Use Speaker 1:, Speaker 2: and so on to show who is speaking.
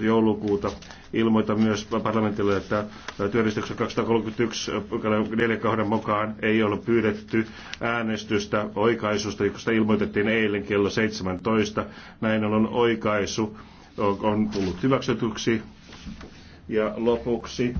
Speaker 1: joulukuuta. Ilmoita myös parlamentille, että työllistyksen 231 4 kohdan mukaan ei ole pyydetty äänestystä oikaisusta, josta ilmoitettiin eilen kello 17. Näin on oikaisu on tullut hyväksytyksi. Ja lopuksi